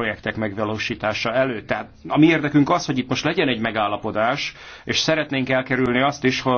projektek megvalósítása előtt. Tehát a mi érdekünk az, hogy itt most legyen egy megállapodás, és szeretnénk elkerülni azt is,